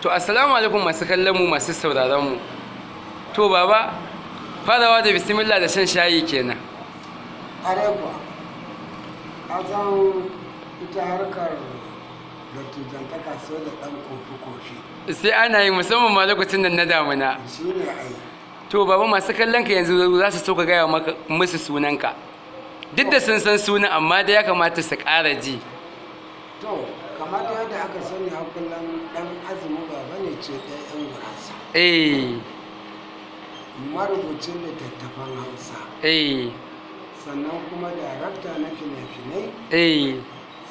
to assalamu alaikum masu kallon mu masu sauraron mu to baba farawa da bismillah da shan shayi kenan arewa a zan ita harkar jantaka sai da dan kofi-kofi sai ana yi musamman ma lokacin nan na damuna shi ne to baba masu kallon ka yanzu za su so ka gaya musu sunanka duk da sun san sunan amma da ya kamata su ƙara ji to kamar yadda aka sani a kullum dan azumi baba ne ce ɗayan gurasa eh marubucin littattafan hausa eh sannan kuma darakta na fina-finai eh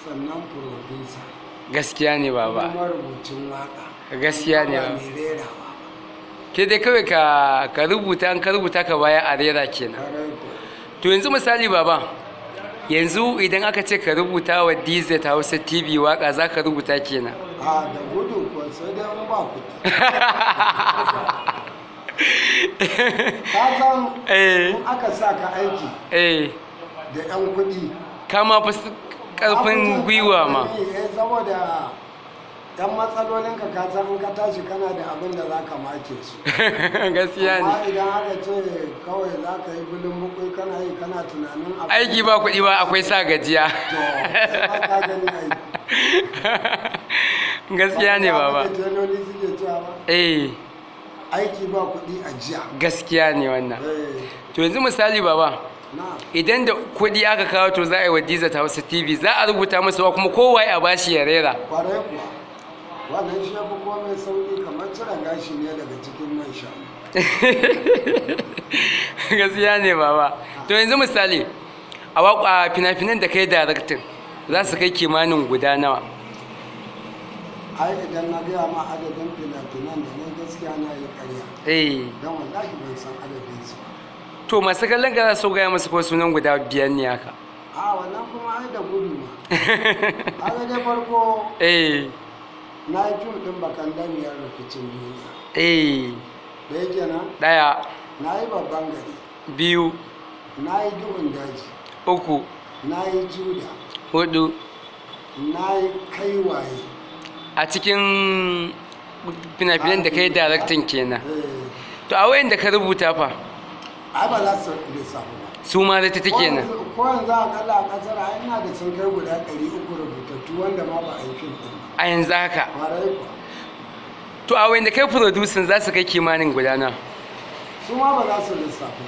sannan furodusa gaskiya ne baba kuma marubucin waka gaskiya ne baba ke dai kawai ka rubuta an ka rubuta ka baya a rera kenan to yanzu misali baba yanzu idan aka ce ka rubuta wa dz hausa tv waka za ka rubuta kenan a da gudu ko sai da an ba ku ka san eh. in aka sa ka aiki eh. da yan kuɗi kama fi karfin gwiwa ma eh, saboda dan matsalolin ka ka san ka tashi kana da abin da za ka make su gaskiya ne amma idan aka ce kawai za ka yi bulin mukui kana yi kana tunanin aiki ba kuɗi ba akwai sa gajiya gaskiya ne baba eh aiki ba kuɗi a jiya gaskiya ne wannan eh. to yanzu misali baba idan da kuɗi aka kawo to za a yi wa diza ta wasu tv za a rubuta masa kuma kowa ya bashi ya rera wannan shi yafi sauki kamar cire gashi ne daga cikin man shanu gaskiya ne baba to yanzu misali a waƙa fina-finan da kai daraktin za su kai kimanin guda nawa ai idan na gaya ma adadin fina-finan da ne gaskiya na yi karya eh don wallahi ban san adadin su to masu kallon gara so gaya masu ko sunan guda biyar ne haka a wannan kuma ai da gudu ma a dai farko eh na yi ɗin bakan rikicin duniya eh. ɗaya biyu uku hudu a cikin fina da ka yi daraktan kenan eh. to a wayan da ka rubuta fa su ma da ta take nan ko a kalla a kasar ina da sun guda wanda ma ba a yi fim a yanzu haka to a wanda kai producing za su kai kimanin gudana su ma ba za su lissafi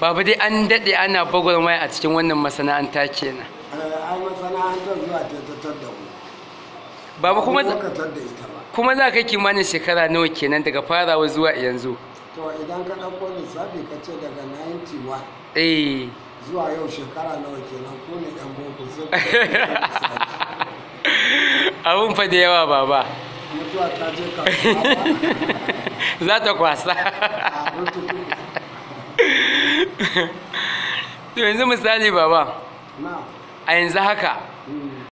ba babu dai an daɗe ana mai a cikin wannan masana'anta kenan eh, a masana'antar zuwa ta tattar da mu babu kuma kuma za ka kai kimanin shekara nawa kenan daga farawa zuwa yanzu to idan ka ɗauko lissafi ka ce daga 91 eh zuwa yau shekara nawa kenan ko ne yan boko abun fa da yawa baba mutuwa ta je za ta kwasa to yanzu misali baba a yanzu haka hmm.